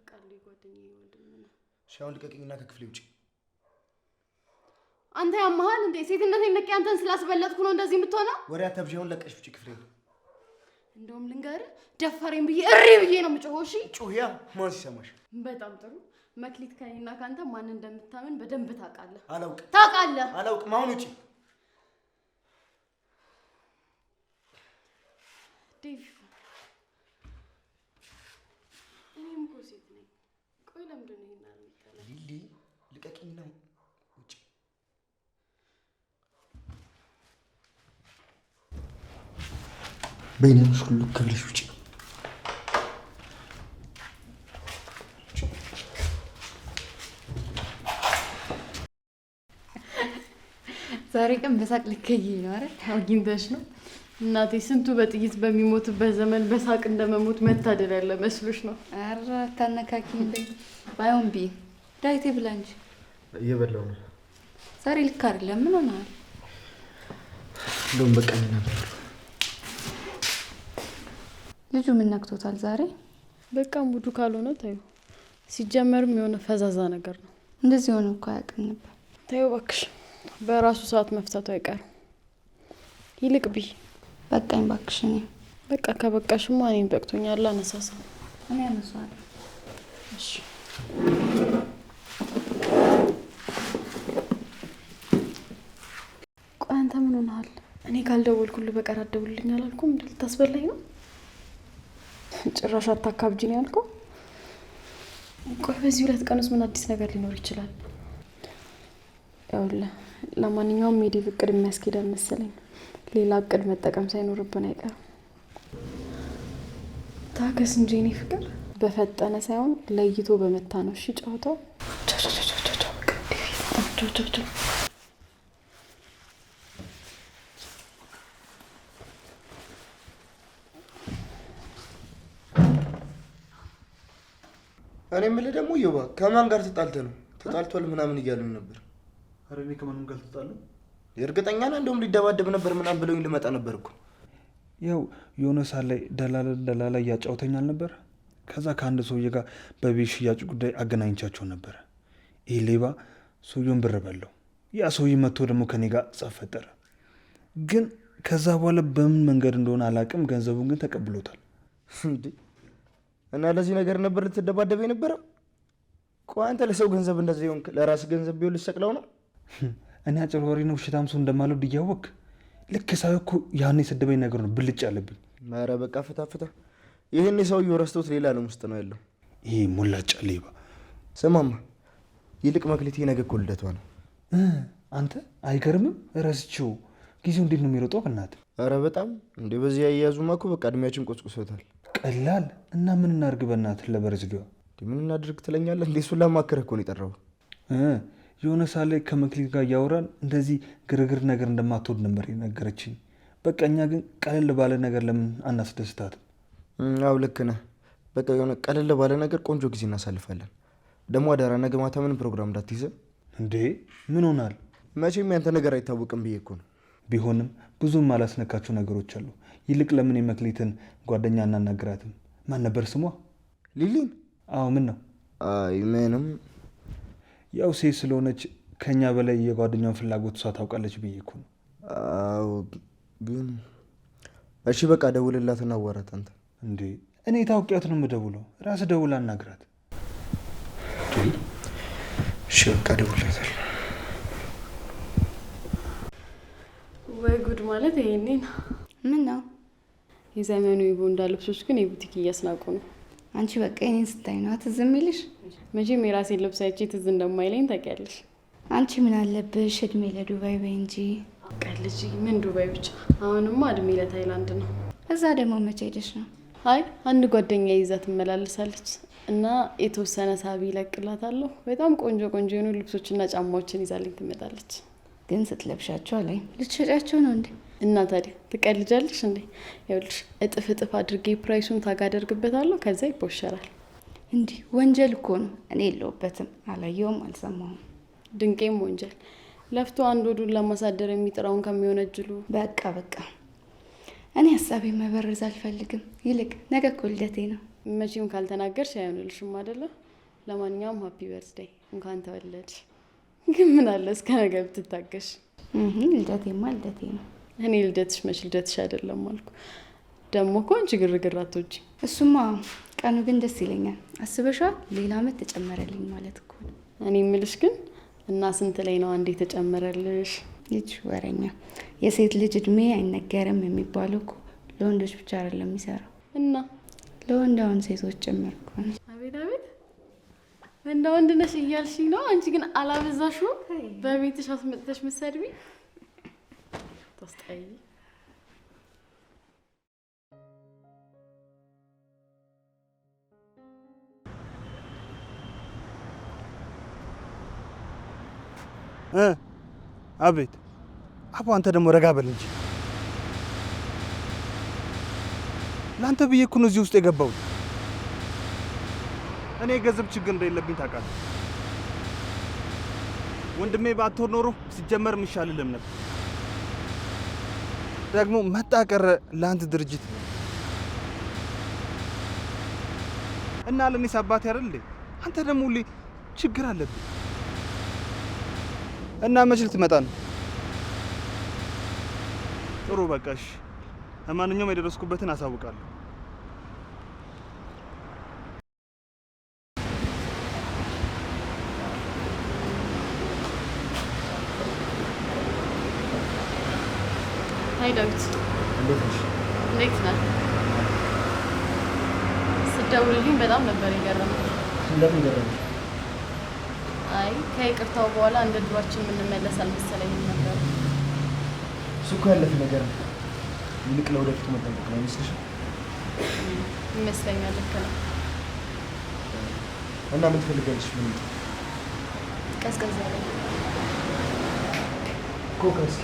አውቃለሁ የጓደኛዬ ወንድም ነው። ሻውን አሁን ልቀቅኝና ከክፍሌ ውጪ። አንተ ያመሃል እንዴ? ሴትነቴን ነቄ አንተን ስላስበለጥኩ ነው እንደዚህ የምትሆነው? ወሬ አታብዢ። ለቀሽ ውጪ ክፍሌ። እንደውም ልንገር ደፈሬን ብዬ እሪ ብዬ ነው የምጮኸው። እሺ ጩኸያ ማን ሲሰማሽ? በጣም ጥሩ መክሊት፣ ከኔና ከአንተ ማን እንደምታምን በደንብ ታውቃለህ። አላውቅ ታውቃለህ። አላውቅም። አሁን ውጪ ዴቭ ቆይ ለምንድን ነው ይሄን አልመጣንም? ሊሊ ልቀቂኝ ነው ውጭ በይነሽ ሁሉ ክብልሽ ውጭ ዛሬ ቀን በሳቅ ልከይ ነው አይደል? አግኝተሽ ነው እናቴ ስንቱ በጥይት በሚሞትበት ዘመን በሳቅ እንደመሞት መታደል ያለ መስሎች ነው። ኧረ አታነካኪኝ ባይሆን ቢ ዳይቴ ብላ እንጂ እየበላው ነው። ዛሬ ልክ አይደለም። ምን ሆነሃል? እንደውም በቃ ነበር። ልጁ ምን ነክቶታል ዛሬ? በቃ ሙዱ ካልሆነ ታዩ። ሲጀመርም የሆነ ፈዛዛ ነገር ነው። እንደዚህ ሆነ እኮ አያውቅም ነበር። ታዩ እባክሽ፣ በራሱ ሰዓት መፍታቱ አይቀርም። ይልቅ ቢ በቃኝ እባክሽ። እኔ በቃ ከበቃሽማ እኔን በቅቶኛል። አነሳሳ እኔ አነሳዋለሁ። እሺ ቆይ አንተ ምን ሆነሃል? እኔ ካልደወልኩልህ በቀር አትደውልልኝ አላልኩም? እንደ ልታስበላኝ ነው። ጭራሽ አታካብጂ ነው ያልከው። ቆይ በዚህ ሁለት ቀን ውስጥ ምን አዲስ ነገር ሊኖር ይችላል? ያውለ ለማንኛውም ሜዲ ፍቅድ የሚያስኬዳን መሰለኝ ሌላ እቅድ መጠቀም ሳይኖርብን አይቀርም። ታገስ እንጂ እኔ ፍቅር በፈጠነ ሳይሆን ለይቶ በመታ ነው። እሺ ጨዋታው እኔ የምልህ ደግሞ ይዋ ከማን ጋር ተጣልተ ነው? ተጣልቷል ምናምን እያሉ ነበር። ኧረ እኔ ከማንም ጋር ተጣልተህ እርግጠኛ ነህ? እንደውም ሊደባደብ ነበር ምናምን ብለውኝ ልመጣ ነበር እኮ። ያው የሆነ ሳ ላይ ደላላ ደላላ እያጫውተኛል ነበር። ከዛ ከአንድ ሰውዬ ጋር በቤት ሽያጭ ጉዳይ አገናኝቻቸው ነበረ። ይህ ሌባ ሰውየውን ብር በለው። ያ ሰውዬ መጥቶ ደግሞ ከኔ ጋር ጸብ ፈጠረ። ግን ከዛ በኋላ በምን መንገድ እንደሆነ አላቅም ገንዘቡን ግን ተቀብሎታል። እና ለዚህ ነገር ነበር ልትደባደበ የነበረው? ቆይ አንተ ለሰው ገንዘብ እንደዚህ ሆንክ፣ ለራስ ገንዘብ ቢሆን ልሰቅለው ነው? እኔ አጭበርባሪ ነው ውሸታም ሰው እንደማልወድ እያወቅ ልክ ሳይ እኮ ያኔ የሰደበኝ ነገር ነው ብልጭ አለብኝ። ኧረ በቃ ፍታ ፍታ። ይህን ሰውዬው ረስቶት ሌላ ዓለም ውስጥ ነው ያለው ይሄ ሞላጫ ሌባ። ስማማ ይልቅ መክሊቴ ነገ እኮ ልደቷ ነው። አንተ አይገርምም? ረስቼው ጊዜው እንዴት ነው የሚሮጠው? ብናት ኧረ በጣም እንደ በዚህ ያያዙማ እኮ በቃ እድሜያችን ቆስቁሶታል። ቀላል እና ምን እናድርግ? በእናትህ ለበረዝጊዋ ምን እናድርግ ትለኛለህ? እንደ እሱን ላማክረህ እኮ ነው የጠራሁት። የሆነ ሳ ላይ ከመክሊት ጋር እያወራን እንደዚህ ግርግር ነገር እንደማትወድ ነበር የነገረችኝ። በቃ እኛ ግን ቀለል ባለ ነገር ለምን አናስደስታትም? አዎ ልክ ነህ። በቃ የሆነ ቀለል ባለ ነገር ቆንጆ ጊዜ እናሳልፋለን። ደግሞ አዳራ ነገ ማታ ምን ፕሮግራም እንዳትይዘ። እንዴ ምን ሆናል? መቼም ያንተ ነገር አይታወቅም ብዬ እኮ ነው። ቢሆንም ብዙም ማላስነካቸው ነገሮች አሉ። ይልቅ ለምን የመክሊትን ጓደኛ እናናግራትም? ማን ነበር ስሟ? ሊሊን። አዎ ምን ነው? አይ ምንም ያው ሴት ስለሆነች ከኛ በላይ የጓደኛውን ፍላጎት እሷ ታውቃለች ብዬ እኮ ነው። ግን እሺ በቃ ደውልላት እናዋራት። አንተ እንዴ እኔ ታውቂያት ነው የምደውለው? ራስ ደውል አናግራት። እሺ በቃ ደውልላታል። ወይ ጉድ ማለት ይሄኔ ነው። ምን ነው የዘመኑ የቦንዳ እንዳለብሶች ግን የቡቲክ እያስናቁ ነው። አንቺ በቃ የኔን ስታይ ነው ትዝ የሚልሽ። መቼም የራሴን ልብስ አይቼ ትዝ እንደማይለኝ ታውቂያለሽ። አንቺ ምን አለብሽ እድሜ ለዱባይ በይ እንጂ። ቀልጂ ምን ዱባይ ብቻ፣ አሁንማ እድሜ ለታይላንድ ነው። እዛ ደግሞ መቼ ሄደሽ ነው? አይ አንድ ጓደኛ ይዛ ትመላለሳለች እና የተወሰነ ሳቢ ይለቅላታለሁ። በጣም ቆንጆ ቆንጆ የሆኑ ልብሶችና ጫማዎችን ይዛልኝ ትመጣለች። ግን ስትለብሻቸው አላይ ልትሸጫቸው ነው እንዴ? እና ታዲያ ትቀልጃለሽ እንዴ? ይኸውልሽ እጥፍ እጥፍ አድርጌ ፕራይሱን ታጋ አደርግበታለሁ። ከዛ ይቦሸራል። እንዲህ ወንጀል እኮ ነው። እኔ የለውበትም፣ አላየውም፣ አልሰማሁም። ድንቄም ወንጀል ለፍቶ አንድ ወዱን ለማሳደር የሚጥረውን ከሚሆነጅሉ በቃ በቃ፣ እኔ ሀሳቤ መበረዝ አልፈልግም። ይልቅ ነገ እኮ ልደቴ ነው። መቼም ካልተናገርሽ አይሆንልሽም አይደለ? ለማንኛውም ሀፒ በርዝዴይ፣ እንኳን ተወለድሽ። ግን ምን አለ እስከ ነገ ብትታገሽ። ልደቴማ ልደቴ ነው። እኔ ልደትሽ መች ልደትሽ አይደለም አልኩ። ደግሞ እኮ አንቺ ግርግር አትወጂ። እሱማ ቀኑ ግን ደስ ይለኛል። አስበሻ ሌላ አመት ተጨመረልኝ ማለት እኮ ነው። እኔ የምልሽ ግን እና ስንት ላይ ነው አንዴ ተጨመረልሽ? ይች ወረኛ። የሴት ልጅ እድሜ አይነገርም የሚባለው እኮ ለወንዶች ብቻ አይደለም የሚሰራው እና ለወንድ አሁን ሴቶች ጭምር እኮ ነው። አቤት አቤት፣ እንደ ወንድ ነሽ እያልሽኝ ነው። አንቺ ግን አላበዛሽም? በቤትሽ አስመጥተሽ ምሰድቢ Australie. አቤት አቦ፣ አንተ ደግሞ ረጋ በል እንጂ። ለአንተ ብዬ እኮ ነው እዚህ ውስጥ የገባሁት። እኔ የገንዘብ ችግር እንደሌለብኝ ታውቃለህ። ወንድሜ ባትሆን ኖሮ ሲጀመር የሚሻልልም ነበር። ደግሞ መጣ ቀረ ለአንድ ድርጅት እና ለእኔስ አባቴ አይደል አንተ ደግሞ ሁሌ ችግር አለብህ እና መች ልትመጣ ነው? ጥሩ በቃሽ። ለማንኛውም የደረስኩበትን አሳውቃለሁ። አይ ዳዊት፣ እንዴት ነሽ? እንዴት ነህ? ስደውልልኝ በጣም ነበር የገረመኝ። እንደምን ገረመሽ? አይ ከይቅርታው በኋላ እንደ ድሯችን የምንመለስ አልመሰለኝም ነበር። እሱ እኮ ያለፈ ነገር ነው። ይልቅ ለወደፊቱ መጠንቀቅ ነው አይመስልሽም? ይመስለኛል። ልክ ነው። እና ምን ትፈልጋለሽ? ምን ቀዝቀዝ ያለ ኮከስ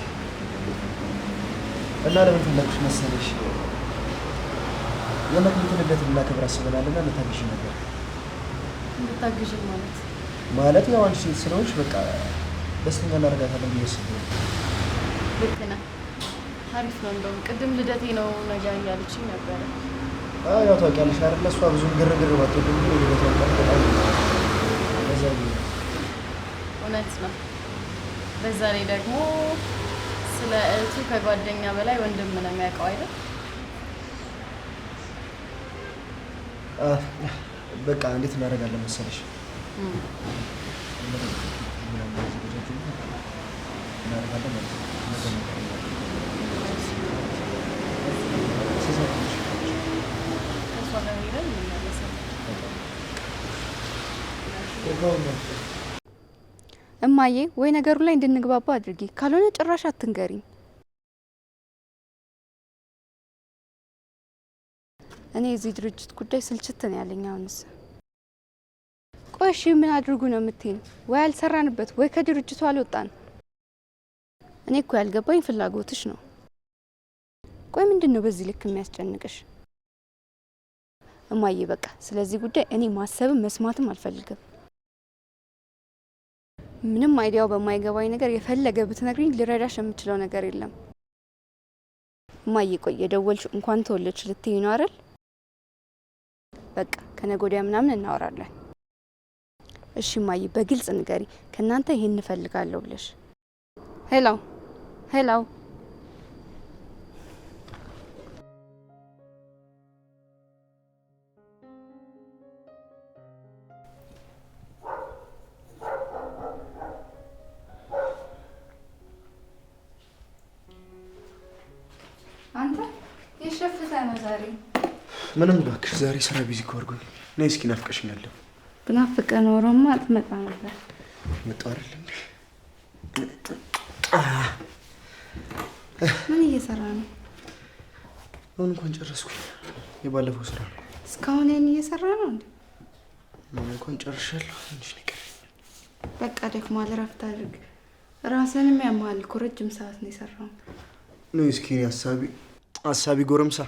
እና ለምን ፈለግሽ መሰለሽ የመክሊትን ልደት ብናከብር አስበናል እና ልታግሽ ነበር። ልታግሽ ማለት ማለት ያው አንድ ሴት ስለሆንሽ በቃ ደስተኛ እናደርጋታለን ብዬሽ ስ ልክ ነህ። አሪፍ ነው። እንደውም ቅድም ልደቴ ነው ነገ ነበረ። ያው ታውቂያለሽ አይደለ? እሷ ግርግር በጣም በዛ እውነት ነው። በዛ ላይ ደግሞ ስለ እህቱ ከጓደኛ በላይ ወንድም ነው የሚያውቀው አይደል? በቃ እንዴት እናደርጋለን መሰለሽ እናደርጋለን እማዬ ወይ ነገሩ ላይ እንድንግባባ አድርጊ፣ ካልሆነ ጭራሽ አትንገሪኝ። እኔ የዚህ ድርጅት ጉዳይ ስልችት ነው ያለኝ። አሁንስ ቆሽ ምን አድርጉ ነው የምትይኝ? ወይ አልሰራንበት ወይ ከድርጅቱ አልወጣን። እኔ እኮ ያልገባኝ ፍላጎትሽ ነው። ቆይ ምንድን ነው በዚህ ልክ የሚያስጨንቅሽ? እማዬ በቃ ስለዚህ ጉዳይ እኔ ማሰብም መስማትም አልፈልግም። ምንም አይዲያው በማይገባኝ ነገር የፈለገ ብትነግሪኝ ልረዳሽ የምችለው ነገር የለም። እማዬ ቆይ የደወልሽ እንኳን ተወለድሽ ልትይ ነው አይደል? በቃ ከነጎዳ ምናምን እናወራለን። እሺ እማዬ በግልጽ ንገሪ፣ ከእናንተ ይሄን እንፈልጋለሁ ብለሽ ሄላው ሄላው ምንም እባክሽ፣ ዛሬ ስራ ቢዚ እኮ ነይ እስኪ ናፍቀሽኛል። ብናፍቀ ኖሮማ አትመጣ ነበር። መጣሁ አይደለም። ምን እየሰራ ነው? አሁን እንኳን ጨረስኩኝ። የባለፈው ስራ ነው። እስካሁን ያን እየሰራ ነው እንዴ? እንኳን ጨርሻለሁ። ትንሽ ነገር በቃ ደክሟል፣ እረፍት አድርግ። ራስንም ያማል እኮ ረጅም ሰዓት ነው የሰራው። ነው እስኪ ሀሳቢ አሳቢ ጎረምሳ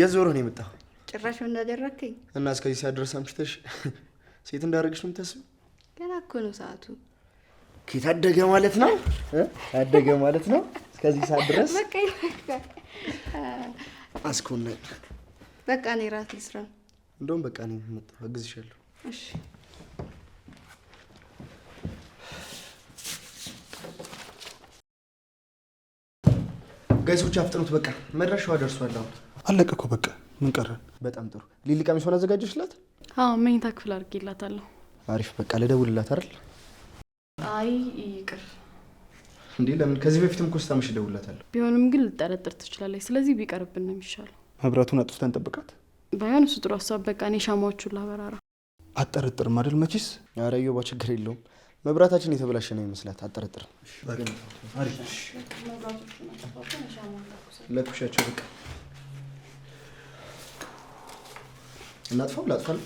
የዞረ ነው የመጣው ጭራሽ እንዳደረከኝ እና እስከዚህ ሰዓት ድረስ አምሽተሽ ሴት እንዳደረግሽ ነው የምታስቢው? ገና እኮ ነው ሰዓቱ። ታደገ ማለት ነው፣ አደገ ማለት ነው። እስከዚህ ሰዓት ድረስ አስኮና በቃ እኔ ራት ልስራ። እንደውም በቃ እኔ የምመጣው አግዝሻለሁ። እሺ ጋይሶች አፍጥኑት፣ በቃ መድረሻዋ ደርሷል። አሁን አለቀ እኮ በቃ ምን ቀረን? በጣም ጥሩ። ሊሊ ቀሚሷን አዘጋጀሽላት? አዎ፣ መኝታ ክፍል አድርጌላታለሁ። አሪፍ። በቃ ልደውልላት አይደል? አይ ይቅር እንዴ! ለምን? ከዚህ በፊትም እኮ ስታመሽ እደውልላታለሁ። ቢሆንም ግን ልጠረጥር ትችላለች። ስለዚህ ቢቀርብን ነው የሚሻለው። መብራቱን አጥፍተን ጠብቃት። ባይሆን እሱ ጥሩ ሀሳብ። በቃ እኔ ሻማዎቹን ላበራራ። አጠረጥርም አይደል? መቼስ ኧረ ዮባ ችግር የለውም። መብራታችን የተበላሸ ነው ይመስላት። አጠረጥርም ለኩሻቸው በቃ እናጥፋው ላጥፋል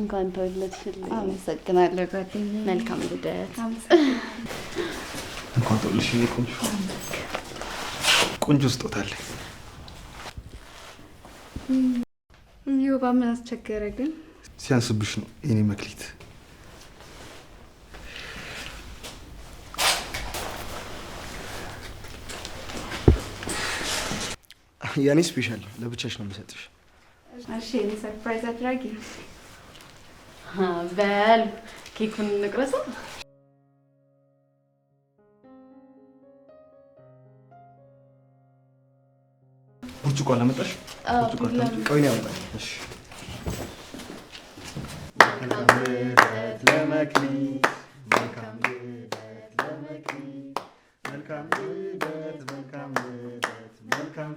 እንኳን ተወለድሽልኝ። አመሰግናለሁ ጓደኛዬ። መልካም ልደት። እንኳን ተወለድሽልኝ። ቆንጆ ቆንጆ ስጦታ አለኝ። ይኸው በምን አስቸገረ ግን ሲያንስብሽ ነው የኔ መክሊት የኔ ስፔሻል ለብቻሽ ነው የምሰጥሽ። እሺ፣ እኔ ሰርፕራይዝ አድራጊ በል ኬኩን እንቁረሰው። ብርጭቆ አላመጣሽ? ቆይ ነው ያመጣሽ። እሺ መልካም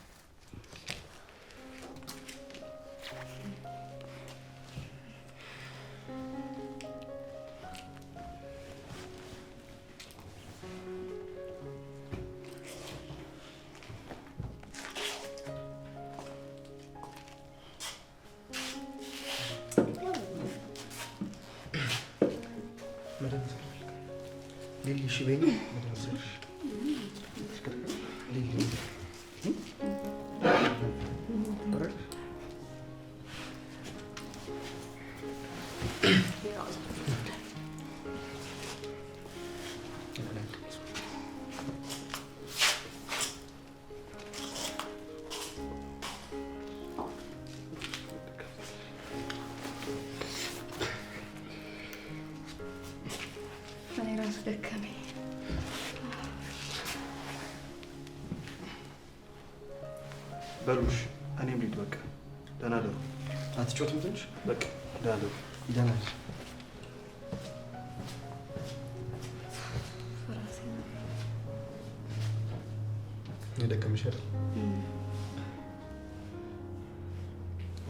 You.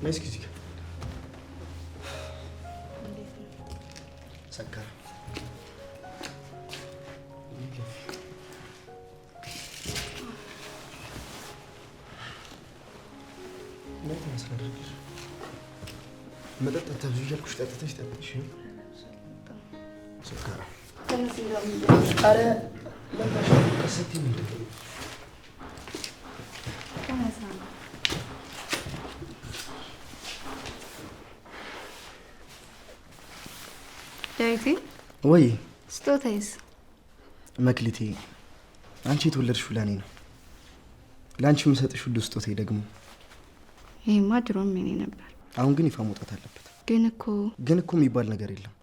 Ne sikecek? Sen kara. Nerede mesela Rıgır? Medet de tabi güzel kuş tatlı işte. Şimdi. Sen kara. Ben nasıl bir adamım? Kara. Ben başka ወይ ስጦታይስ? መክሊቴ አንቺ የተወለድሽው ለእኔ ነው። ለአንቺ የምሰጥሽ ሁሉ ስጦታዬ ደግሞ ይሄማ ድሮም የኔ ነበር። አሁን ግን ይፋ መውጣት አለበት። ግን እኮ ግን እኮ የሚባል ነገር የለም።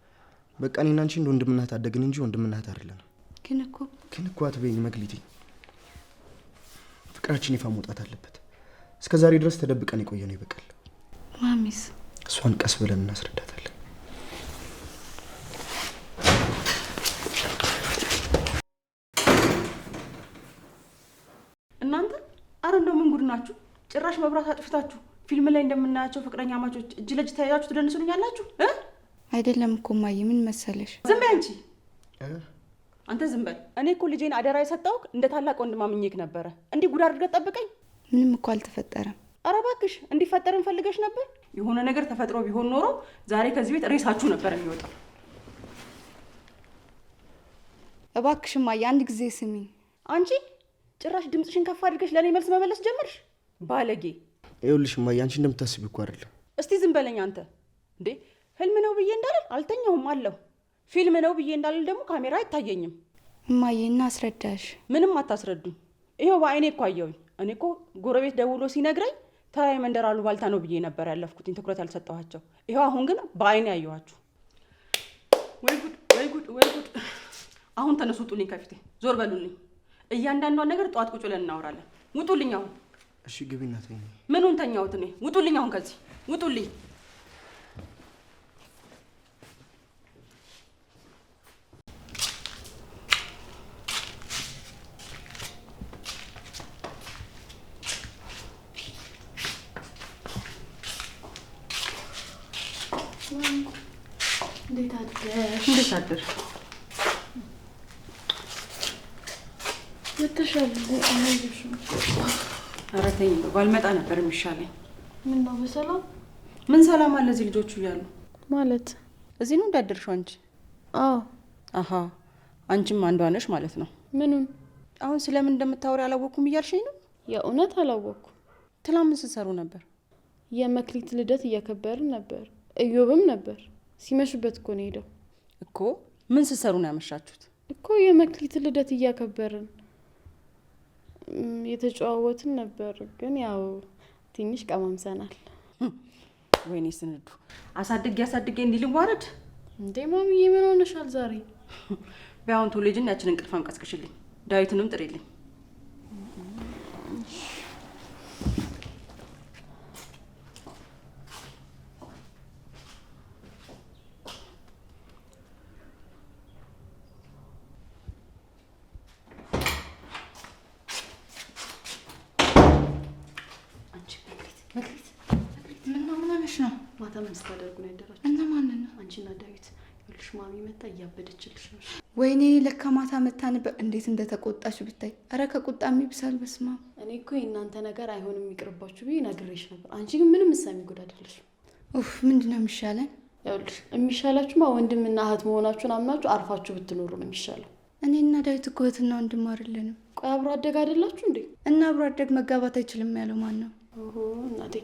በቃ እኔና አንቺ እንደ ወንድምናት አደግን እንጂ ወንድምና እህት ግን እኮ ግን እኮ አትበይኝ መክሊቴ፣ ፍቅራችን ይፋ መውጣት አለበት። እስከ ዛሬ ድረስ ተደብቀን የቆየነው ይበቃል። ማሚስ? እሷን ቀስ ብለን እናስረዳታለን። ጭራሽ መብራት አጥፍታችሁ ፊልም ላይ እንደምናያቸው ፍቅረኛ ማቾች እጅ ለእጅ ተያያችሁ ትደንሱልኛላችሁ። አይደለም እኮ እማዬ፣ ምን መሰለሽ። ዝም በይ አንቺ፣ አንተ ዝም በል። እኔ እኮ ልጄን አደራ የሰጠሁህ እንደ ታላቅ ወንድም አምኜህ ነበረ። እንዲህ ጉድ አድርገህ ጠብቀኝ። ምንም እኮ አልተፈጠረም። ኧረ እባክሽ፣ እንዲፈጠርን ፈልገሽ ነበር? የሆነ ነገር ተፈጥሮ ቢሆን ኖሮ ዛሬ ከዚህ ቤት ሬሳችሁ ነበር የሚወጣው። እባክሽ እማዬ፣ አንድ ጊዜ ስሚኝ። አንቺ ጭራሽ ድምፅሽን ከፍ አድርገሽ ለእኔ መልስ መመለስ ጀመርሽ። ባለጌ። ይኸውልሽ እማዬ አንቺ እንደምታስብ እኮ አይደለም። እስቲ ዝም በለኝ አንተ። እንዴ ህልም ነው ብዬ እንዳልል አልተኛውም አለሁ። ፊልም ነው ብዬ እንዳልል ደግሞ ካሜራ አይታየኝም። እማዬ እና አስረዳሽ። ምንም አታስረዱኝ። ይኸው በአይኔ እኮ አየሁኝ። እኔ እኮ ጎረቤት ደውሎ ሲነግረኝ ተራ የመንደር አሉባልታ ነው ብዬ ነበር ያለፍኩትኝ፣ ትኩረት ያልሰጠኋቸው። ይኸው አሁን ግን በአይኔ አየኋችሁ። ወይ ጉድ፣ ወይ ጉድ፣ ወይ ጉድ! አሁን ተነሱ፣ ውጡልኝ፣ ከፊቴ ዞር በሉልኝ። እያንዳንዷን ነገር ጠዋት ቁጭ ብለን እናወራለን። ውጡልኝ አሁን እሺ ግቢ እናቴ። ምኑን ተኛሁት እኔ? ውጡልኝ! አሁን ከዚህ ውጡልኝ! እንዴት አደርሽ? ወተሻል ኧረ ተይ ባልመጣ ነበር የሚሻለኝ። ምን ነው በሰላም ምን ሰላም አለ እዚህ ልጆቹ እያሉ ማለት እዚህ ነው እንዳደርሽው አንቺ? አዎ። አሀ አንቺም አንዷ ነሽ ማለት ነው። ምኑን አሁን ስለምን እንደምታወሪ አላወቅኩም እያልሽኝ ነው? የእውነት አላወቅኩም። ትላንት ምን ስትሰሩ ነበር? የመክሊት ልደት እያከበርን ነበር። እዮብም ነበር። ሲመሽበት እኮ ነው ሄደው። እኮ ምን ስትሰሩ ነው ያመሻችሁት? እኮ የመክሊት ልደት እያከበርን የተጨዋወትን ነበር፣ ግን ያው ትንሽ ቀማምሰናል። ወይኔ ስንዱ አሳድጌ አሳድጌ እንዲህ ልዋረድ እንዴ? ማምዬ ምን ሆነሻል ዛሬ? ቢያሁን ቶሎ ያችንን ያችን እንቅልፍ አንቀስቅሽልኝ፣ ዳዊትንም ጥሪልኝ። ወይኔ ለካ ማታ መታ ነበር። እንዴት እንደተቆጣች ብታይ! ኧረ ከቁጣ የሚብሳል። በስማ እኔ እኮ የእናንተ ነገር አይሆንም የሚቅርባችሁ ብዬ ነግሬሽ ነበር። አንቺ ግን ምንም እሰሚ ጉድ ኡፍ ምንድን ነው የሚሻለን? ይኸውልሽ የሚሻላችሁማ ወንድምና እህት መሆናችሁን አምናችሁ አርፋችሁ ብትኖሩ ነው የሚሻለው። እኔና ዳዊት እኮ እህትና ወንድም አይደለንም። ቆይ አብሮ አደግ አይደላችሁ እንዴ? እና አብሮ አደግ መጋባት አይችልም ያለው ማን ነው? እናቴ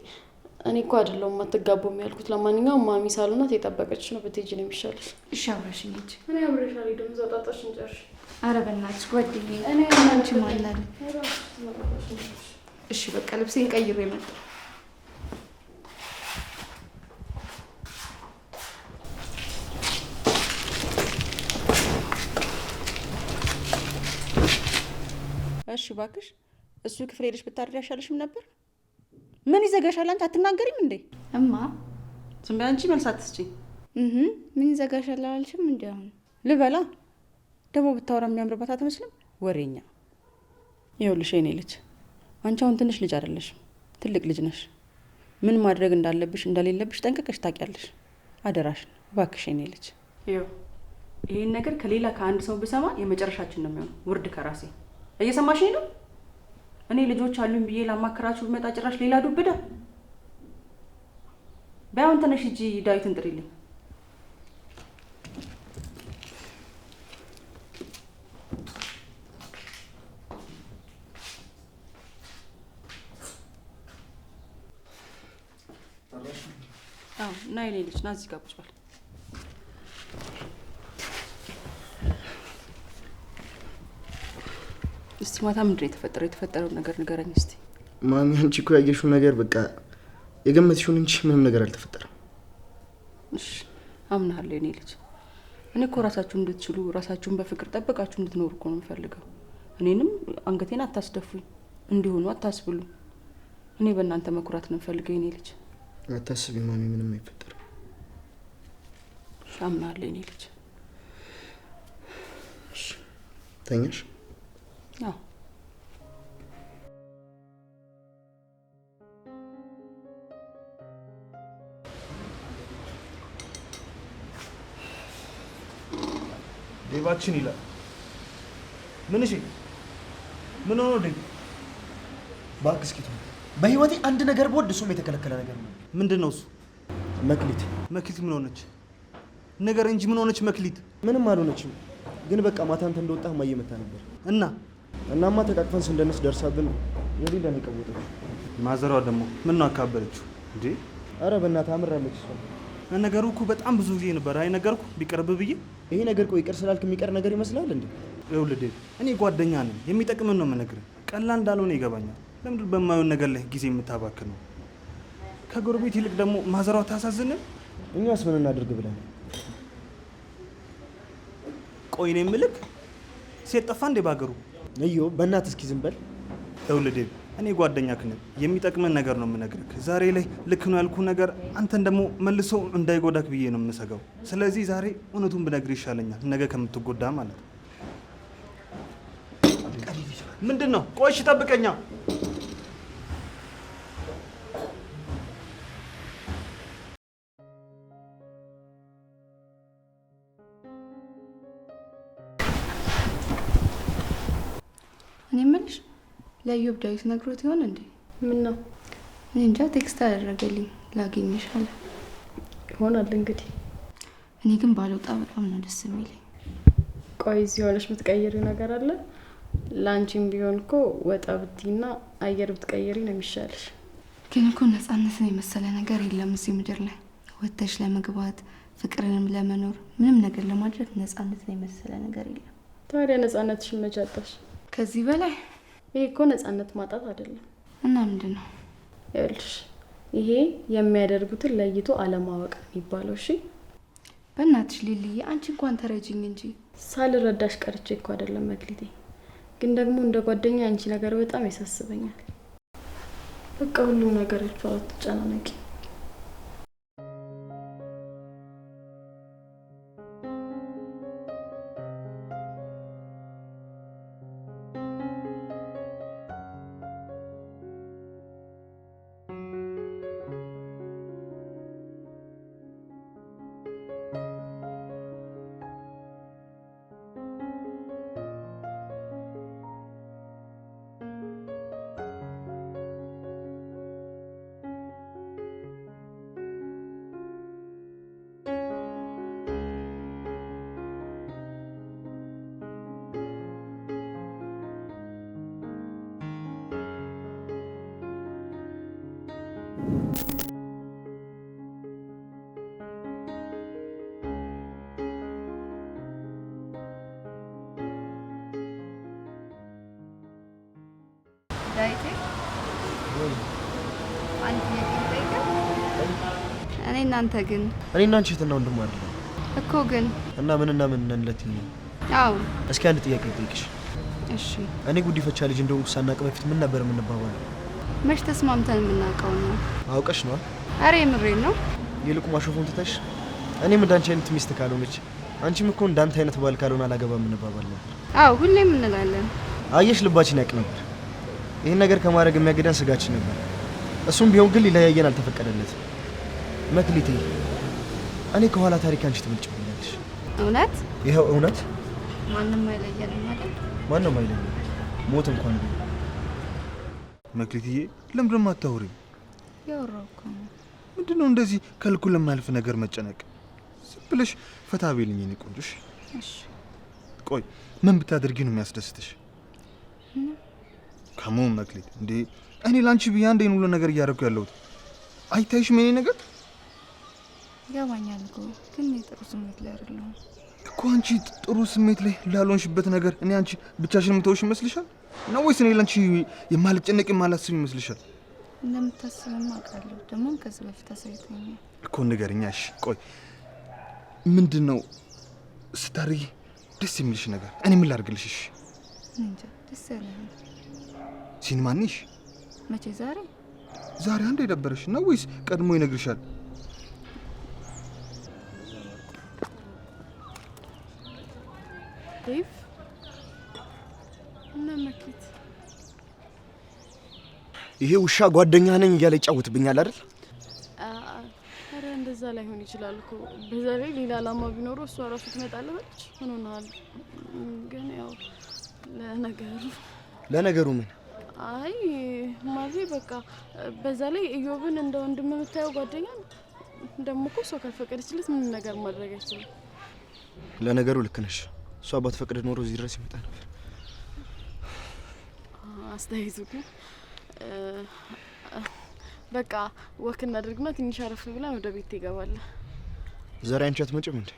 እኔ እኮ አይደለሁም የማትጋቡ የሚያልኩት። ለማንኛውም ማሚ ሳልናት የጠበቀች ነው። ብትሄጂ ነው የሚሻልሽ። እሺ አብረሽኝ ሂጂ። እኔ አብረሽ አልሄድም። እዛው ጣጣሽ እንጨርሽ። ኧረ በእናትሽ ጓደኛዬ፣ እኔ አንቺ ማላለ። እሺ በቃ ልብሴን ቀይሮ ይመጣ እሺ እባክሽ፣ እሱ ክፍል ሄደሽ ብታርድ አይሻልሽም ነበር? ምን ይዘጋሻል? አንቺ አትናገሪም እንዴ? እማ ዝም በይ አንቺ መልስ አትስጪ። ምን ይዘጋሻል አላልሽም? እንዲ አሁን ልበላ ደግሞ ብታወራ የሚያምርባት አትመስልም? ወሬኛ። ይኸውልሽ የኔ ልጅ አንቺ አሁን ትንሽ ልጅ አይደለሽም፣ ትልቅ ልጅ ነሽ። ምን ማድረግ እንዳለብሽ እንደሌለብሽ ጠንቅቀሽ ታውቂያለሽ። አደራሽን እባክሽ የኔ ልጅ። ይኸው ይህን ነገር ከሌላ ከአንድ ሰው ብሰማ የመጨረሻችን ነው የሚሆነው። ውርድ ከራሴ እየሰማሽኝ ነው? እኔ ልጆች አሉኝ ብዬ ላማከራችሁ ብመጣ ጭራሽ ሌላ ዱብዳ። በያሁን ተነሽ እጂ ዳዊትን ጥሪልኝ። እና የኔ ልጅ ና እዚህ ጋር ቁጭ በል እስቲ ማታ ምንድን የተፈጠረው? የተፈጠረው ነገር ንገረኝ እስቲ። ማሚ አንቺ እኮ ያየሽው ነገር በቃ የገመትሽውን እንጂ ምንም ነገር አልተፈጠረም። እሺ አምናለሁ የኔ ልጅ። እኔ እኮ ራሳችሁ እንድትችሉ ራሳችሁን በፍቅር ጠብቃችሁ እንድትኖሩ እኮ ነው የምፈልገው። እኔንም አንገቴን አታስደፉኝ፣ እንዲሆኑ አታስብሉ። እኔ በእናንተ መኩራት ነው የምፈልገው የኔ ልጅ። አታስቢ ማሚ፣ ምንም አይፈጠርም። አምናለሁ የኔ ልጅ። ተኛሽ? አዎ ሌባችን ይላል። ምን እሺ፣ ምን ሆኖ ደግ እባክህ እስኪ በህይወቴ አንድ ነገር ብወድ እሱም የተከለከለ ነገር ነው። ምንድን ነው እሱ? መክሊት መክሊት ምን ሆነች? ነገር እንጂ ምን ሆነች መክሊት? ምንም አልሆነችም። ግን በቃ ማታ አንተ እንደወጣህ እማዬ መታ ነበር እና እናማ ተቃቅፈን ስንደነስ ደርሳብን የሌላ ነው የቀወጠችው። ማዘሯ ደግሞ ምን ነው አካበለችው እንዴ? አረ በእናትህ አምራለች እሷ ነገሩ እኮ በጣም ብዙ ጊዜ ነበር ነገርኩ ቢቀርብ ብዬ። ይሄ ነገር ቆይ ይቅር ስላልክ የሚቀር ነገር ይመስላል እንዴ? ይኸውልህ እኔ ጓደኛ ነኝ፣ የሚጠቅምን ነው የምነግርህ። ቀላል እንዳልሆነ ይገባኛል። ለምንድን በማየውን ነገር ላይ ጊዜ ነው ከጎረቤት ይልቅ ደግሞ ማዘሯ ታሳዝንም። እኛስ ምን እናድርግ ብለን ቆይ ነው የምልክ፣ ሴት ጠፋ እንዴ በሀገሩ? እዮ በእናትህ እስኪ ዝም በል። እኔ ጓደኛ ነኝ። የሚጠቅመን ነገር ነው የምነግርክ። ዛሬ ላይ ልክ ነው ያልኩ ነገር አንተን ደግሞ መልሶ እንዳይጎዳክ ብዬ ነው የምሰጋው። ስለዚህ ዛሬ እውነቱን ብነግር ይሻለኛል፣ ነገ ከምትጎዳ ማለት ነው። ምንድን ነው? ቆይሽ ጠብቀኛ ለኢዮብ ዳዊት ነግሮት ይሆን እንዴ? ምን ነው እኔ እንጃ። ቴክስት አደረገልኝ ላገኝሽ አለ። ይሆናል እንግዲህ። እኔ ግን ባልወጣ በጣም ነው ደስ የሚለኝ። ቆይ እዚህ ሆነሽ የምትቀይሪው ነገር አለ? ለአንቺም ቢሆን እኮ ወጣ ብትይና አየር ብትቀይሪ ነው የሚሻልሽ። ግን እኮ ነጻነትን የመሰለ ነገር የለም እዚህ ምድር ላይ ወተሽ ለመግባት ፍቅርንም ለመኖር ምንም ነገር ለማድረግ ነጻነትን የመሰለ ነገር የለም። ታዲያ ነጻነትሽን መቼ ከዚህ በላይ ይሄ እኮ ነፃነት ማጣት አይደለም። እና ምንድን ነው? ይኸውልሽ ይሄ የሚያደርጉትን ለይቶ አለማወቅ የሚባለው። እሺ በእናትሽ ሊልዬ፣ አንቺ እንኳን ተረጅኝ እንጂ። ሳልረዳሽ ቀርቼ እኮ አይደለም መክሊቴ፣ ግን ደግሞ እንደ ጓደኛ አንቺ ነገር በጣም ያሳስበኛል። በቃ ሁሉም ነገሮች አትጨናነቂ። እናንተ ግን እኔ እና አንቺ እህትና ወንድም አይደለም እኮ ግን እና ምን እና ምን ነን ለት አዎ እስኪ አንድ ጥያቄ ልጠይቅሽ እሺ እኔ ጉዲፈቻ ልጅ እንደሆንኩ ሳናቅ በፊት ምን ነበር የምንባባለው መች ተስማምተን የምናውቀው ነው አውቀሽ ነው አረ የምሬን ነው ይልቁ ማሾፉን ትተሽ እኔም እንዳንቺ አይነት ሚስት ካልሆነች አንቺም እኮ እንዳንተ አይነት ባል ካልሆነ አላገባም የምንባባል ነበር አዎ ሁሌም እንላለን አየሽ ልባችን ያውቅ ነበር ይህን ነገር ከማድረግ የሚያገዳን ስጋችን ነበር እሱም ቢሆን ግን ሊለያየን አልተፈቀደለትም መክሊቴ፣ እኔ ከኋላ ታሪክ አንቺ ትመልጭብኛለሽ። እውነት ይኸው እውነት። ማንም አይለየንም አይደል? ማንም አይለየንም ሞት እንኳን ቢሆን። መክሊትዬ፣ ለምንድን ነው ያወራሁ እኮ ነው። ምንድን ነው እንደዚህ ከልኩ ለማያልፍ ነገር መጨነቅ? ዝም ብለሽ ፈታ ቤልኝ የእኔ ቆንጆ። ቆይ ምን ብታደርጊ ነው የሚያስደስትሽ? ከሞም መክሊት፣ እንዴ እኔ ለአንቺ ብዬ አንዴን ሁሉ ነገር እያደረኩ ያለሁት አይታይሽም የእኔ ነገር ይገባኛል እኮ ግን ጥሩ ስሜት ላይ አይደለሁም እኮ። አንቺ ጥሩ ስሜት ላይ ላልሆንሽበት ነገር እኔ አንቺ ብቻሽን የምተውሽ ይመስልሻል ነው ወይስ እኔ ለአንቺ የማልጨነቅ የማላስብ ይመስልሻል? እንደምታስብም አውቃለሁ። ደግሞ ከዚህ በፊት አሳይቶኛል እኮ። ንገሪኛ። እሺ ቆይ ምንድን ነው ስታርጊ ደስ የሚልሽ ነገር? እኔ ምን ላድርግልሽ? እሺ እንጃ ደስ ያለኝ ሲኒማ ነሽ? መቼ ዛሬ ዛሬ አንድ የደበረሽ ነው ወይስ ቀድሞ ይነግርሻል? ዴቭ እና መክሊት ይሄ ውሻ ጓደኛ ነኝ እያለ ይጫወትብኛል አይደል? ኧረ እንደዛ ላይሆን ይችላል እኮ። በዛ ላይ ሌላ አላማ ቢኖረው እሷ ራሱ ትመጣለች። ሆኖናል። ግን ያው ለነገሩ ለነገሩ ምን አይ ማለቴ በቃ በዛ ላይ እዮብን እንደ ወንድም የምታየው ጓደኛ ደግሞ እኮ እሷ ካልፈቀደችለት ምንም ነገር ማድረግ አይችልም። ለነገሩ ልክ ነሽ። እሷ ባትፈቅድ ኖሮ እዚህ ድረስ ይመጣ ነበር። አስተያይዙ ግን በቃ ወክ እናድርግና ትንሽ አረፍ ብለን ወደ ቤት ይገባለ። ዛሬ አንቺ አትመጭም እንዴ?